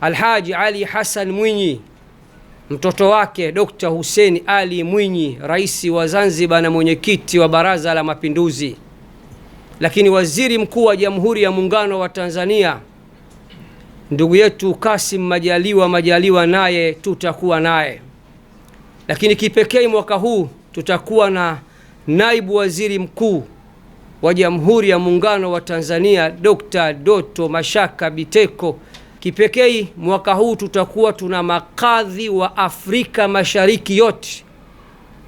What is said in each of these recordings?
Alhaji Ali Hassan Mwinyi, mtoto wake Dr. Hussein Ali Mwinyi, rais wa Zanzibar na mwenyekiti wa Baraza la Mapinduzi, lakini waziri mkuu wa Jamhuri ya Muungano wa Tanzania ndugu yetu Kasim Majaliwa Majaliwa, naye tutakuwa naye. Lakini kipekee mwaka huu tutakuwa na naibu waziri mkuu wa Jamhuri ya Muungano wa Tanzania Dr. Doto Mashaka Biteko Kipekee mwaka huu tutakuwa tuna makadhi wa Afrika Mashariki yote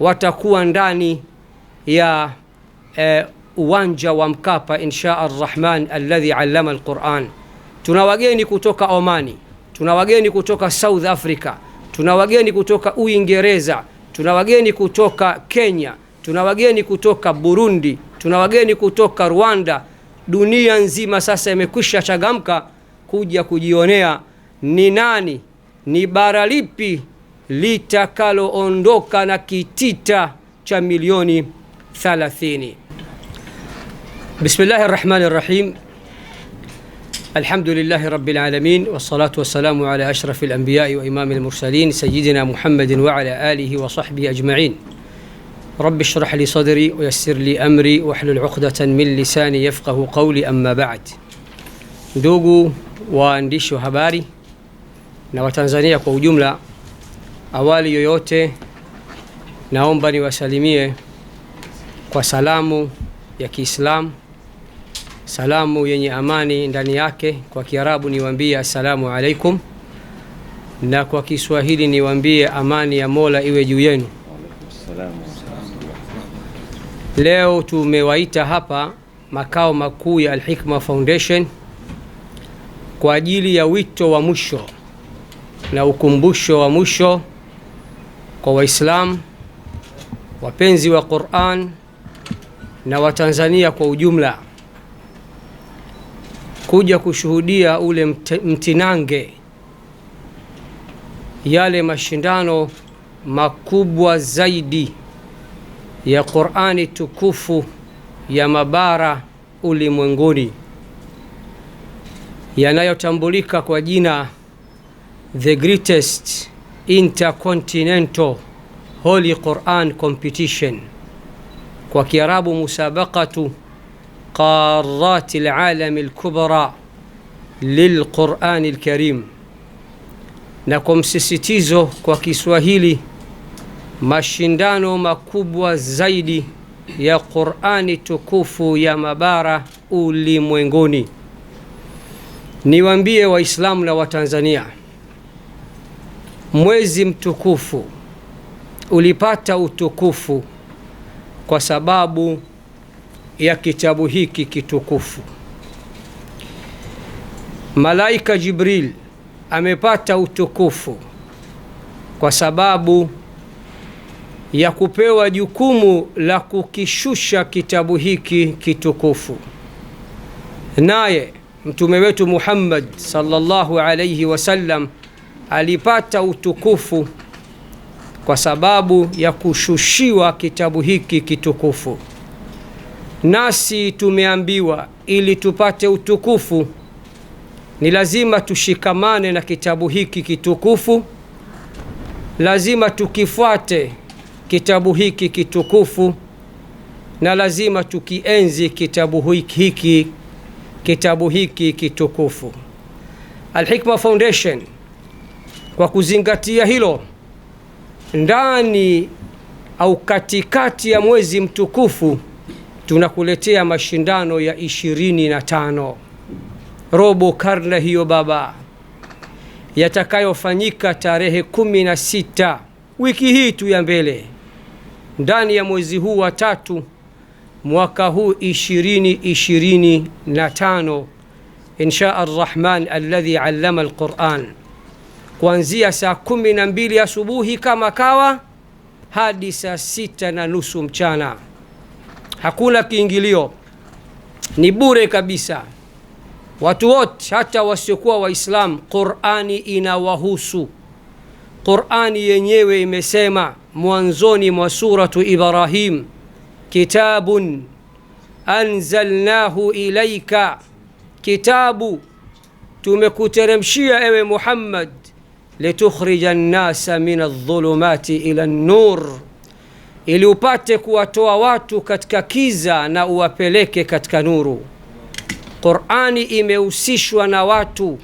watakuwa ndani ya eh, uwanja wa Mkapa insha arrahman alladhi allama alquran. Tuna wageni kutoka Omani, tuna wageni kutoka South Africa, tuna wageni kutoka Uingereza, tuna wageni kutoka Kenya, tuna wageni kutoka Burundi, tuna wageni kutoka Rwanda. Dunia nzima sasa imekwisha changamka kuja kujionea ni nani, ni bara lipi litakaloondoka na kitita cha milioni 30. Bismillahi rahmani rahim. الحمد لله رب العالمين والصلاة والسلام على أشرف الأنبياء وإمام المرسلين سيدنا محمد وعلى آله وصحبه أجمعين رب اشرح لي صدري ويسر لي أمري واحلل عقدة من لساني يفقه قولي أما بعد دوغو waandishi wa habari na Watanzania kwa ujumla, awali yoyote naomba niwasalimie kwa salamu ya Kiislamu, salamu yenye amani ndani yake. Kwa Kiarabu niwaambie assalamu alaikum, na kwa Kiswahili niwaambie amani ya Mola iwe juu yenu. Leo tumewaita hapa makao makuu ya Al-Hikma Foundation kwa ajili ya wito wa mwisho na ukumbusho wa mwisho kwa Waislamu wapenzi wa Qur'an na Watanzania kwa ujumla kuja kushuhudia ule mtinange, yale mashindano makubwa zaidi ya Qur'ani tukufu ya mabara ulimwenguni yanayotambulika kwa jina The Greatest Intercontinental Holy Quran Competition, kwa Kiarabu musabaqatu qarati alalam alkubra lilqurani alkarim, na kwa msisitizo kwa Kiswahili mashindano makubwa zaidi ya Qurani tukufu ya mabara ulimwenguni. Niwaambie Waislamu na Watanzania, mwezi mtukufu ulipata utukufu kwa sababu ya kitabu hiki kitukufu. Malaika Jibril amepata utukufu kwa sababu ya kupewa jukumu la kukishusha kitabu hiki kitukufu, naye Mtume wetu Muhammad sallallahu alayhi wasallam alipata utukufu kwa sababu ya kushushiwa kitabu hiki kitukufu, nasi tumeambiwa ili tupate utukufu ni lazima tushikamane na kitabu hiki kitukufu, lazima tukifuate kitabu hiki kitukufu, na lazima tukienzi kitabu hiki kitabu hiki kitukufu Al-Hikma Foundation. Kwa kuzingatia hilo, ndani au katikati ya mwezi mtukufu tunakuletea mashindano ya ishirini na tano robo karne hiyo baba, yatakayofanyika tarehe kumi na sita wiki hii tu ya mbele, ndani ya mwezi huu wa tatu mwaka huu ishirini ishirini na tano insha arrahman alladhi allama alquran kuanzia saa kumi na mbili asubuhi kama kawa hadi saa sita na nusu mchana. Hakuna kiingilio, ni bure kabisa. Watu wote hata wasiokuwa Waislamu, Qurani inawahusu. Qurani yenyewe imesema mwanzoni mwa Suratu Ibrahim kitabun anzalnahu ilaika, kitabu tumekuteremshia ewe Muhammad, litukhrija nnasa min aldhulumati ila nnur, ili upate kuwatoa watu katika kiza na uwapeleke katika nuru. Qurani imehusishwa na watu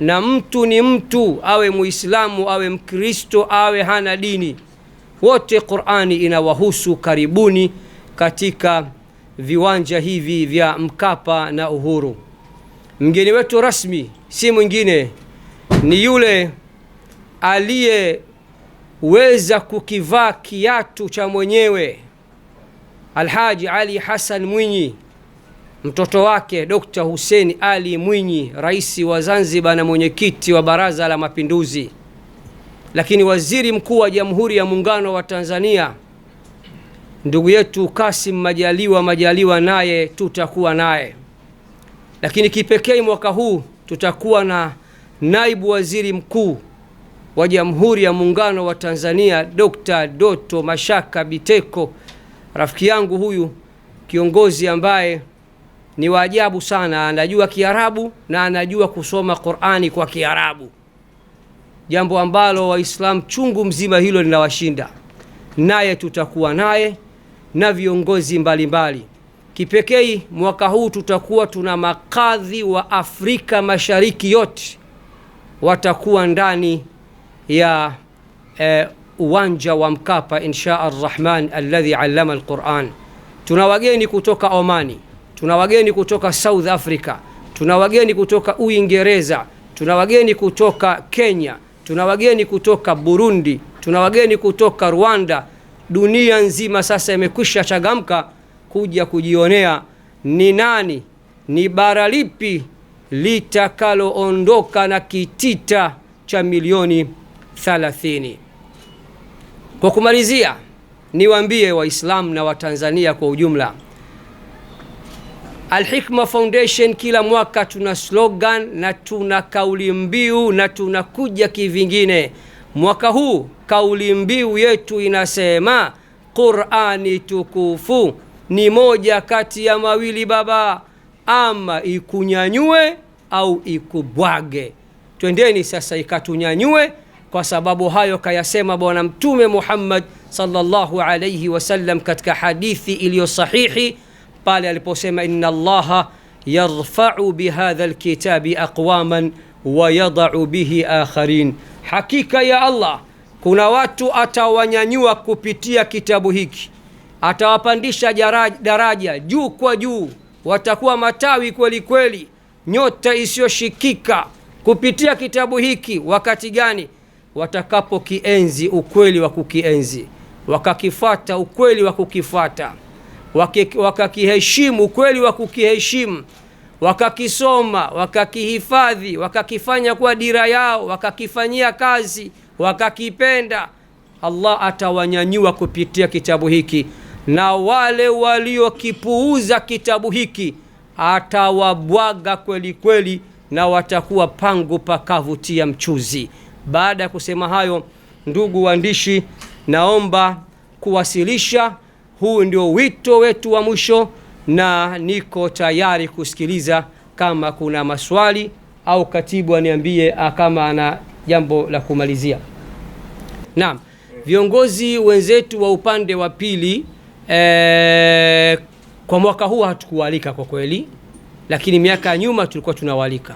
na mtu ni mtu, awe Muislamu awe Mkristo awe hana dini wote Qur'ani inawahusu karibuni katika viwanja hivi vya Mkapa na Uhuru. Mgeni wetu rasmi si mwingine ni yule aliyeweza kukivaa kiatu cha mwenyewe, Alhaji Ali Hassan Mwinyi, mtoto wake Dr. Hussein Ali Mwinyi, rais wa Zanzibar na mwenyekiti wa Baraza la Mapinduzi. Lakini waziri mkuu wa Jamhuri ya Muungano wa Tanzania ndugu yetu Kasim Majaliwa Majaliwa, naye tutakuwa naye. Lakini kipekee mwaka huu tutakuwa na naibu waziri mkuu wa Jamhuri ya Muungano wa Tanzania Dr. Doto Mashaka Biteko, rafiki yangu huyu, kiongozi ambaye ni waajabu sana, anajua Kiarabu na anajua kusoma Qur'ani kwa Kiarabu jambo ambalo Waislamu chungu mzima hilo linawashinda, naye tutakuwa naye na viongozi mbalimbali. Kipekee mwaka huu tutakuwa tuna makadhi wa Afrika Mashariki yote watakuwa ndani ya eh, uwanja wa Mkapa insha arrahman alladhi allama alquran. Tuna wageni kutoka Omani, tuna wageni kutoka South Africa, tuna wageni kutoka Uingereza, tuna wageni kutoka Kenya, tuna wageni kutoka Burundi, tuna wageni kutoka Rwanda. Dunia nzima sasa imekwisha changamka kuja kujionea ni nani, ni bara lipi litakaloondoka na kitita cha milioni 30. Kwa kumalizia, niwaambie Waislamu na Watanzania kwa ujumla Alhikma Foundation kila mwaka tuna slogan na tuna kauli mbiu na tunakuja kivingine. Mwaka huu kauli mbiu yetu inasema Qur'ani tukufu ni moja kati ya mawili baba, ama ikunyanyue au ikubwage. Twendeni sasa ikatunyanyue, kwa sababu hayo kayasema Bwana Mtume Muhammad sallallahu alayhi wasallam katika hadithi iliyo sahihi pale aliposema inna allaha yarfau bihadha lkitabi aqwaman wayadau bihi akharin, hakika ya Allah kuna watu atawanyanyua kupitia kitabu hiki, atawapandisha daraja juu kwa juu, watakuwa matawi kweli kweli, nyota isiyoshikika kupitia kitabu hiki. Wakati gani? Watakapokienzi ukweli wa kukienzi, wakakifata ukweli wa kukifata wakakiheshimu ukweli wa kukiheshimu, wakakisoma, wakakihifadhi, wakakifanya kuwa dira yao, wakakifanyia kazi, wakakipenda, Allah atawanyanyua kupitia kitabu hiki, na wale waliokipuuza kitabu hiki atawabwaga kweli kweli, na watakuwa pangu pakavutia mchuzi. Baada ya kusema hayo, ndugu waandishi, naomba kuwasilisha huu ndio wito wetu wa mwisho, na niko tayari kusikiliza kama kuna maswali au katibu aniambie ah, kama ana jambo la kumalizia. Naam, viongozi wenzetu wa upande wa pili e, kwa mwaka huu hatukualika kwa kweli, lakini miaka ya nyuma tulikuwa tunawalika,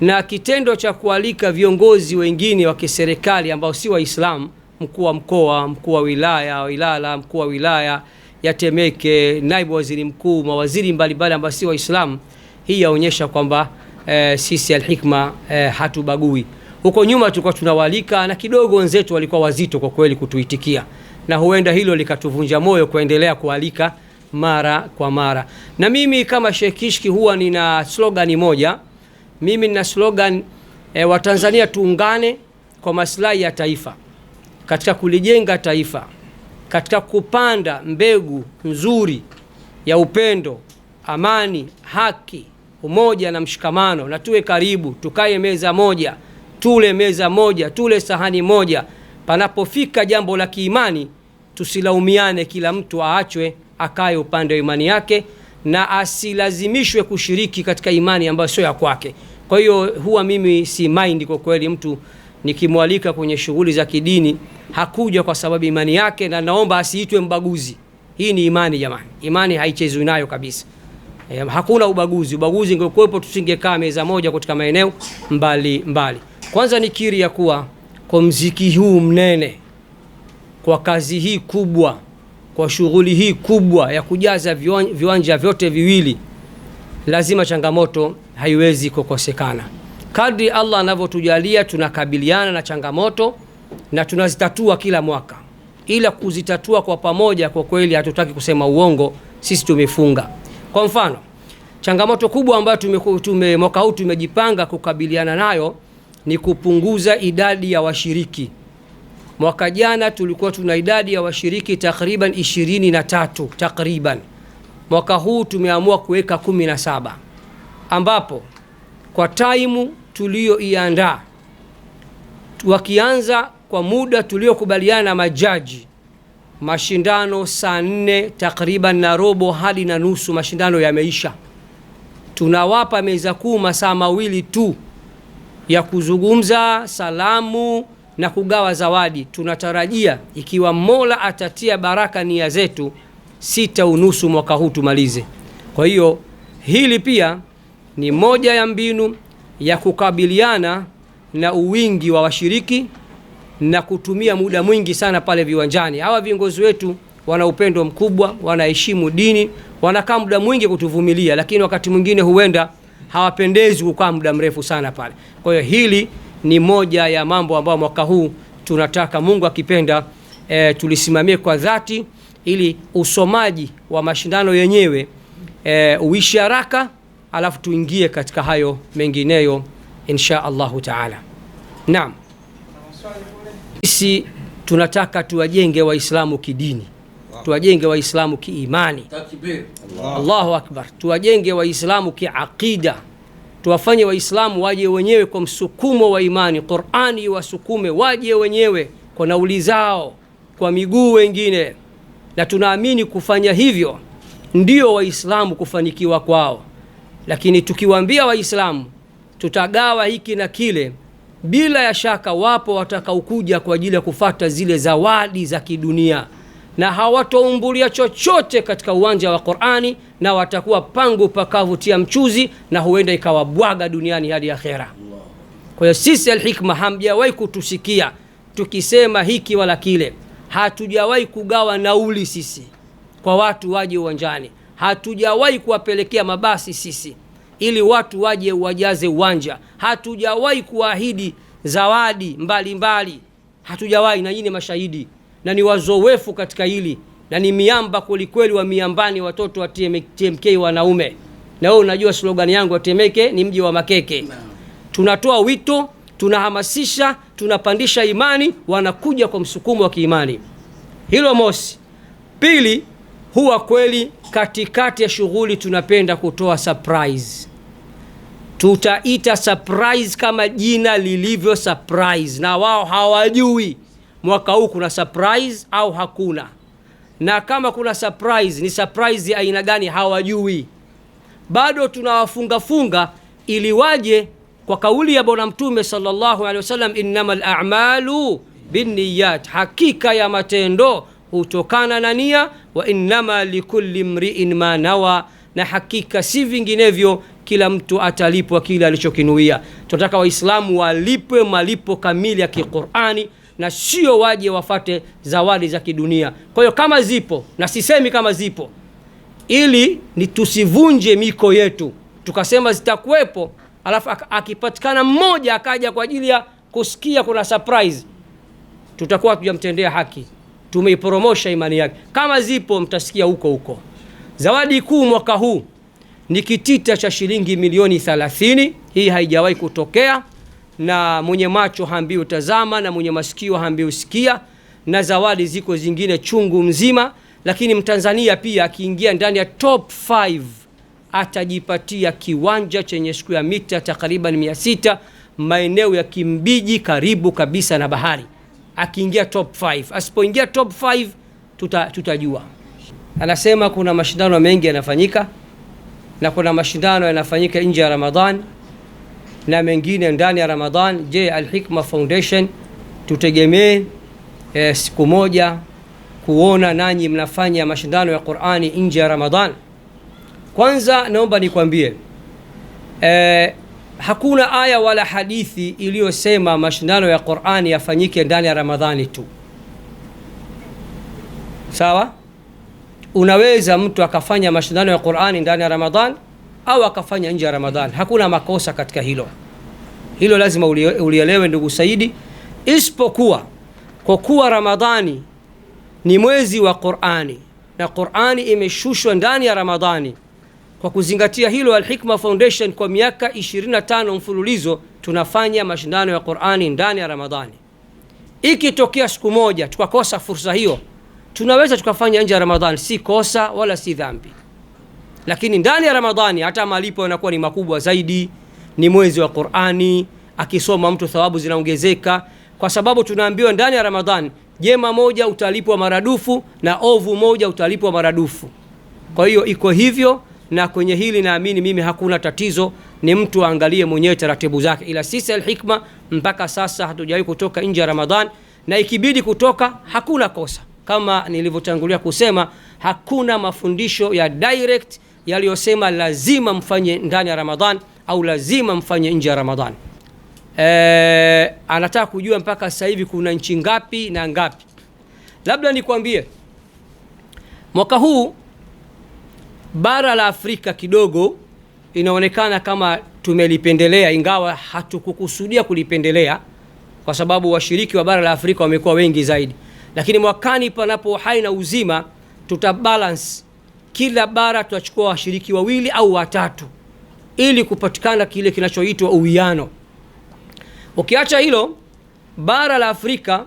na kitendo cha kualika viongozi wengine wa kiserikali ambao si Waislamu mkuu wa mkoa, mkuu wa wilaya wa Ilala, mkuu wa wilaya ya Temeke, naibu waziri mkuu, mawaziri mbalimbali ambao si Waislamu. Hii yaonyesha kwamba e, sisi Alhikma e, hatubagui. Huko nyuma tulikuwa tunawalika na kidogo wenzetu walikuwa wazito kwa kweli kutuitikia, na huenda hilo likatuvunja moyo kuendelea kualika mara kwa mara. Na mimi kama Sheikh Kishki huwa nina slogan moja, mimi nina slogan e, eh, Watanzania tuungane kwa maslahi ya taifa katika kulijenga taifa, katika kupanda mbegu nzuri ya upendo, amani, haki, umoja na mshikamano, na tuwe karibu, tukae meza moja, tule meza moja, tule sahani moja. Panapofika jambo la kiimani, tusilaumiane, kila mtu aachwe akae upande wa imani yake na asilazimishwe kushiriki katika imani ambayo sio ya kwake. Kwa hiyo huwa mimi si mind kwa kweli mtu nikimwalika kwenye shughuli za kidini hakuja kwa sababu imani yake, na naomba asiitwe mbaguzi. Hii ni imani jamani, imani haichezwi nayo kabisa. E, hakuna ubaguzi. Ubaguzi ungekuwepo tusingekaa meza moja katika maeneo mbali mbali. Kwanza nikiri ya kuwa kwa mziki huu mnene, kwa kazi hii kubwa, kwa shughuli hii kubwa ya kujaza viwanja vyote viwili, lazima changamoto haiwezi kukosekana. Kadri Allah anavyotujalia tunakabiliana na changamoto na tunazitatua kila mwaka, ila kuzitatua kwa pamoja, kwa kweli hatutaki kusema uongo, sisi tumefunga. Kwa mfano, changamoto kubwa ambayo tume mwaka huu tumejipanga kukabiliana nayo ni kupunguza idadi ya washiriki. Mwaka jana tulikuwa tuna idadi ya washiriki takriban tatu takriban, mwaka huu tumeamua kuweka 17 ambapo kwa taimu tuliyoiandaa wakianza kwa muda tuliokubaliana na majaji, mashindano saa nne takriban na robo hadi na nusu, mashindano yameisha. Tunawapa meza kuu masaa mawili tu ya kuzungumza, salamu na kugawa zawadi. Tunatarajia ikiwa Mola atatia baraka nia zetu, sita unusu mwaka huu tumalize. Kwa hiyo hili pia ni moja ya mbinu ya kukabiliana na uwingi wa washiriki na kutumia muda mwingi sana pale viwanjani. Hawa viongozi wetu wana upendo mkubwa, wanaheshimu dini, wanakaa muda mwingi kutuvumilia, lakini wakati mwingine huenda hawapendezi kukaa muda mrefu sana pale. Kwa hiyo hili ni moja ya mambo ambayo mwaka huu tunataka Mungu akipenda, e, tulisimamie kwa dhati ili usomaji wa mashindano yenyewe e, uishi haraka alafu tuingie katika hayo mengineyo insha Allahu taala. Naam, sisi tunataka tuwajenge Waislamu kidini, tuwajenge Waislamu kiimani. Allahu akbar! Tuwajenge Waislamu kiaqida, tuwafanye Waislamu waje wenyewe kwa msukumo wa imani. Qurani iwasukume waje wenyewe kwa nauli zao, kwa miguu wengine, na tunaamini kufanya hivyo ndio Waislamu kufanikiwa kwao. Lakini tukiwaambia Waislamu tutagawa hiki na kile, bila ya shaka wapo watakaokuja kwa ajili ya kufata zile zawadi za kidunia na hawatoumbulia chochote katika uwanja wa Qur'ani, na watakuwa pangu pakavutia mchuzi, na huenda ikawabwaga duniani hadi akhera. Kwa hiyo sisi Alhikma hamjawahi kutusikia tukisema hiki wala kile, hatujawahi kugawa nauli sisi kwa watu waje uwanjani hatujawahi kuwapelekea mabasi sisi ili watu waje wajaze uwanja. Hatujawahi kuahidi zawadi mbalimbali, hatujawahi na nyinyi mashahidi, na ni wazoefu katika hili na ni miamba kwelikweli wa miambani, watoto wa TMK wanaume. Na wewe unajua slogani yangu ya TMK ni mji wa makeke. Tunatoa wito, tunahamasisha, tunapandisha imani, wanakuja kwa msukumo wa kiimani. Hilo mosi. Pili, huwa kweli katikati ya shughuli tunapenda kutoa surprise. Tutaita surprise kama jina lilivyo surprise, na wao hawajui mwaka huu kuna surprise au hakuna, na kama kuna surprise ni surprise ya aina gani hawajui. Bado tunawafungafunga ili waje kwa kauli ya Bwana Mtume sallallahu alaihi wasallam, innamal a'malu binniyat, hakika ya matendo hutokana na nia, wa innama likulli mriin ma nawa, na hakika si vinginevyo kila mtu atalipwa kile alichokinuia. Tunataka Waislamu walipwe malipo kamili ya Kiqurani na sio waje wafate zawadi za kidunia. Kwa hiyo kama zipo, na sisemi kama zipo, ili ni tusivunje miko yetu tukasema zitakuwepo, alafu akipatikana mmoja akaja kwa ajili ya kusikia kuna surprise, tutakuwa hatujamtendea haki tumeiporomosha imani yake. Kama zipo mtasikia huko huko. Zawadi kuu mwaka huu ni kitita cha shilingi milioni 30. Hii haijawahi kutokea, na mwenye macho hambi utazama na mwenye masikio hambi usikia, na zawadi ziko zingine chungu mzima, lakini Mtanzania pia akiingia ndani ya top 5 atajipatia kiwanja chenye square mita takriban 600 maeneo ya Kimbiji karibu kabisa na bahari akiingia top 5. Asipoingia top 5 tuta, tutajua. Anasema kuna mashindano mengi yanafanyika na kuna mashindano yanafanyika nje ya Ramadhan na mengine ndani ya Ramadhan. Je, Al Hikma Foundation tutegemee eh, siku moja kuona nanyi mnafanya mashindano ya Qur'ani nje ya Ramadhan? Kwanza naomba nikwambie eh, Hakuna aya wala hadithi iliyosema mashindano ya Qur'ani yafanyike ndani ya Ramadhani tu. Sawa? Unaweza mtu akafanya mashindano ya Qur'ani ndani ya Ramadhani au akafanya nje ya Ramadhani. Hakuna makosa katika hilo. Hilo lazima ulielewe ndugu Saidi, isipokuwa kwa kuwa Ramadhani ni mwezi wa Qur'ani na Qur'ani imeshushwa ndani ya Ramadhani. Kwa kuzingatia hilo, Alhikma Foundation kwa miaka 25 mfululizo tunafanya mashindano ya Qur'ani ndani ya Ramadhani. Ikitokea siku moja tukakosa fursa hiyo, tunaweza tukafanya nje ya Ramadhani, si kosa wala si dhambi. Lakini ndani ya Ramadhani hata malipo yanakuwa ni makubwa zaidi, ni mwezi wa Qur'ani, akisoma mtu thawabu zinaongezeka, kwa sababu tunaambiwa ndani ya Ramadhani jema moja utalipwa maradufu na ovu moja utalipwa maradufu. Kwa hiyo iko hivyo na kwenye hili naamini mimi hakuna tatizo, ni mtu aangalie mwenyewe taratibu zake, ila sisi Alhikma mpaka sasa hatujawahi kutoka nje ya Ramadhan, na ikibidi kutoka hakuna kosa. Kama nilivyotangulia kusema, hakuna mafundisho ya direct yaliyosema lazima mfanye ndani ya Ramadhan au lazima mfanye nje ya Ramadhan. E, anataka kujua mpaka sasa hivi kuna nchi ngapi na ngapi? Labda nikwambie mwaka huu bara la Afrika kidogo inaonekana kama tumelipendelea, ingawa hatukukusudia kulipendelea, kwa sababu washiriki wa bara la Afrika wamekuwa wengi zaidi, lakini mwakani panapo uhai na uzima tutabalance kila bara tutachukua washiriki wawili au watatu ili kupatikana kile kinachoitwa uwiano. Ukiacha hilo, bara la Afrika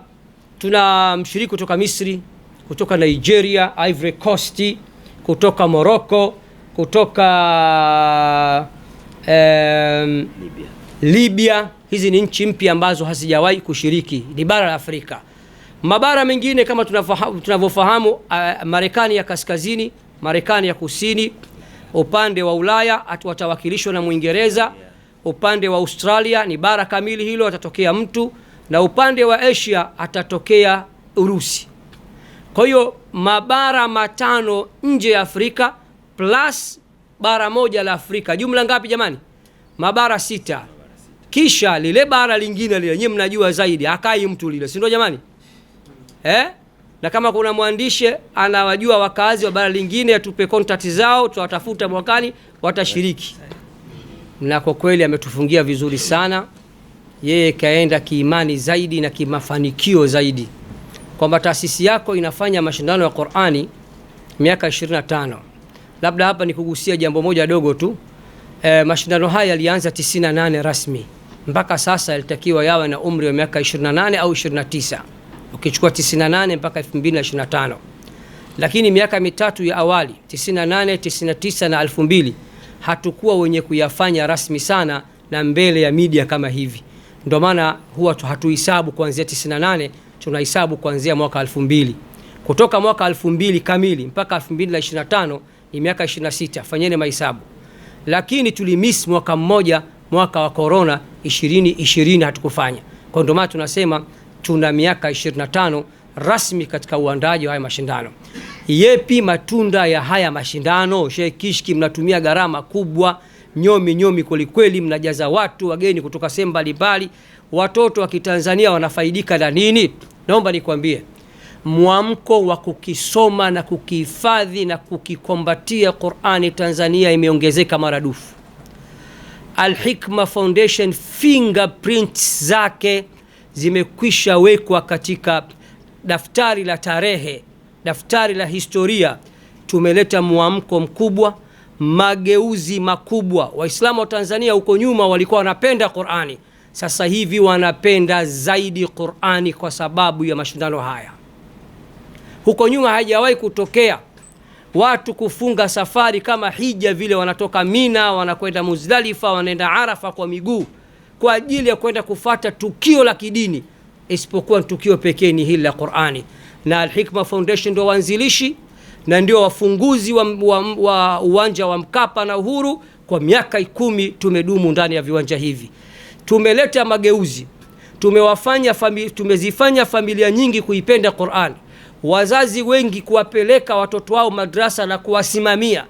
tuna mshiriki kutoka Misri, kutoka Nigeria, Ivory Coast, kutoka Moroko, kutoka um, Libya. Libya. Hizi ni nchi mpya ambazo hazijawahi kushiriki, ni bara la Afrika. Mabara mengine kama tunavyofahamu, uh, Marekani ya kaskazini, Marekani ya kusini, upande wa Ulaya watawakilishwa na Mwingereza, upande wa Australia ni bara kamili hilo, atatokea mtu, na upande wa Asia atatokea Urusi. Kwa hiyo mabara matano nje ya Afrika plus bara moja la Afrika, jumla ngapi jamani? Mabara sita. Kisha lile bara lingine lile, nyinyi mnajua zaidi, akai mtu lile, si ndio jamani eh? Na kama kuna mwandishi anawajua wakazi wa bara lingine, atupe contact zao, tuwatafuta mwakani, watashiriki. Na kwa kweli ametufungia vizuri sana, yeye kaenda kiimani zaidi na kimafanikio zaidi kwamba taasisi yako inafanya mashindano ya Qur'ani miaka 25. Labda hapa nikugusia jambo moja dogo tu. E, mashindano haya yalianza 98 rasmi mpaka sasa yalitakiwa yawe na umri wa miaka 28 au 29, ukichukua 98 mpaka 2025. Lakini miaka mitatu ya awali 98, 99 na 2000 hatukuwa wenye kuyafanya rasmi sana na mbele ya media kama hivi, ndio maana huwa hatuhesabu kuanzia 98 tunahesabu kuanzia mwaka 2000 kutoka mwaka 2000 kamili mpaka 2025 ni miaka 26. Fanyeni mahesabu, lakini tulimiss mwaka mmoja, mwaka wa corona 2020 hatukufanya. Kwa ndio maana tunasema tuna miaka 25 rasmi katika uandaji wa haya mashindano. Yepi matunda ya haya mashindano? Shekishki, mnatumia gharama kubwa nyomi nyomi kwelikweli, mnajaza watu wageni kutoka sehemu mbalimbali. Watoto wa Kitanzania wanafaidika na nini? Naomba nikwambie, mwamko wa kukisoma na kukihifadhi na kukikombatia Qur'ani Tanzania imeongezeka maradufu. alhikma Foundation fingerprints zake zimekwisha wekwa katika daftari la tarehe, daftari la historia. Tumeleta mwamko mkubwa mageuzi makubwa. Waislamu wa Tanzania huko nyuma walikuwa wanapenda Qur'ani, sasa hivi wanapenda zaidi Qur'ani kwa sababu ya mashindano haya. Huko nyuma haijawahi kutokea watu kufunga safari kama hija vile, wanatoka Mina wanakwenda Muzdalifa, wanaenda Arafa kwa miguu kwa ajili ya kwenda kufata tukio la kidini, isipokuwa tukio pekee ni hili la Qur'ani, na Al-Hikma Foundation ndio waanzilishi na ndio wafunguzi wa, wa, wa uwanja wa Mkapa na Uhuru. Kwa miaka kumi tumedumu ndani ya viwanja hivi, tumeleta mageuzi, tumewafanya fami, tumezifanya familia nyingi kuipenda Qur'an, wazazi wengi kuwapeleka watoto wao madrasa na kuwasimamia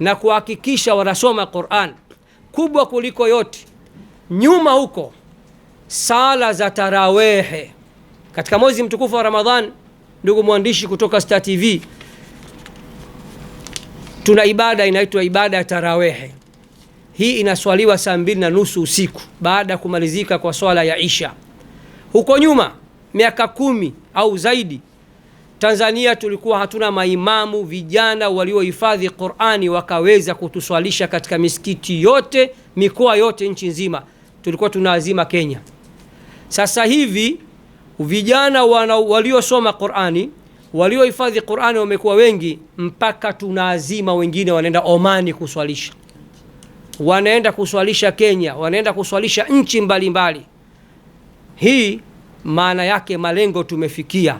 na kuhakikisha wanasoma Qur'an. Kubwa kuliko yote, nyuma huko, sala za tarawehe katika mwezi mtukufu wa Ramadhan. Ndugu mwandishi kutoka Star TV Tuna ibada inaitwa ibada ya tarawehe. Hii inaswaliwa saa mbili na nusu usiku baada ya kumalizika kwa swala ya isha. Huko nyuma miaka kumi au zaidi, Tanzania tulikuwa hatuna maimamu vijana waliohifadhi Qur'ani wakaweza kutuswalisha katika misikiti yote, mikoa yote, nchi nzima. Tulikuwa tunaazima Kenya. Sasa hivi vijana waliosoma Qur'ani waliohifadhi Qur'ani wamekuwa wengi, mpaka tunaazima wengine wanaenda Omani kuswalisha, wanaenda kuswalisha Kenya, wanaenda kuswalisha nchi mbalimbali. Hii maana yake malengo tumefikia,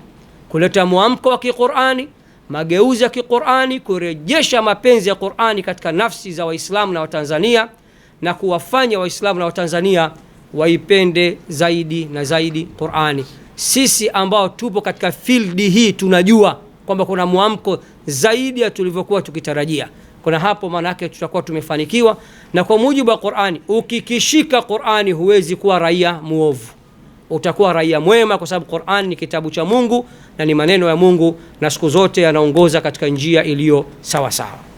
kuleta mwamko wa Kiqur'ani, mageuzi ya Kiqur'ani, kurejesha mapenzi ya Qur'ani katika nafsi za Waislamu na Watanzania na kuwafanya Waislamu na Watanzania waipende zaidi na zaidi Qur'ani sisi ambao tupo katika field hii tunajua kwamba kuna mwamko zaidi ya tulivyokuwa tukitarajia. Kuna hapo, maana yake tutakuwa tumefanikiwa, na kwa mujibu wa Qur'ani, ukikishika Qur'ani huwezi kuwa raia muovu, utakuwa raia mwema, kwa sababu Qur'ani ni kitabu cha Mungu na ni maneno ya Mungu, na siku zote yanaongoza katika njia iliyo sawa sawa.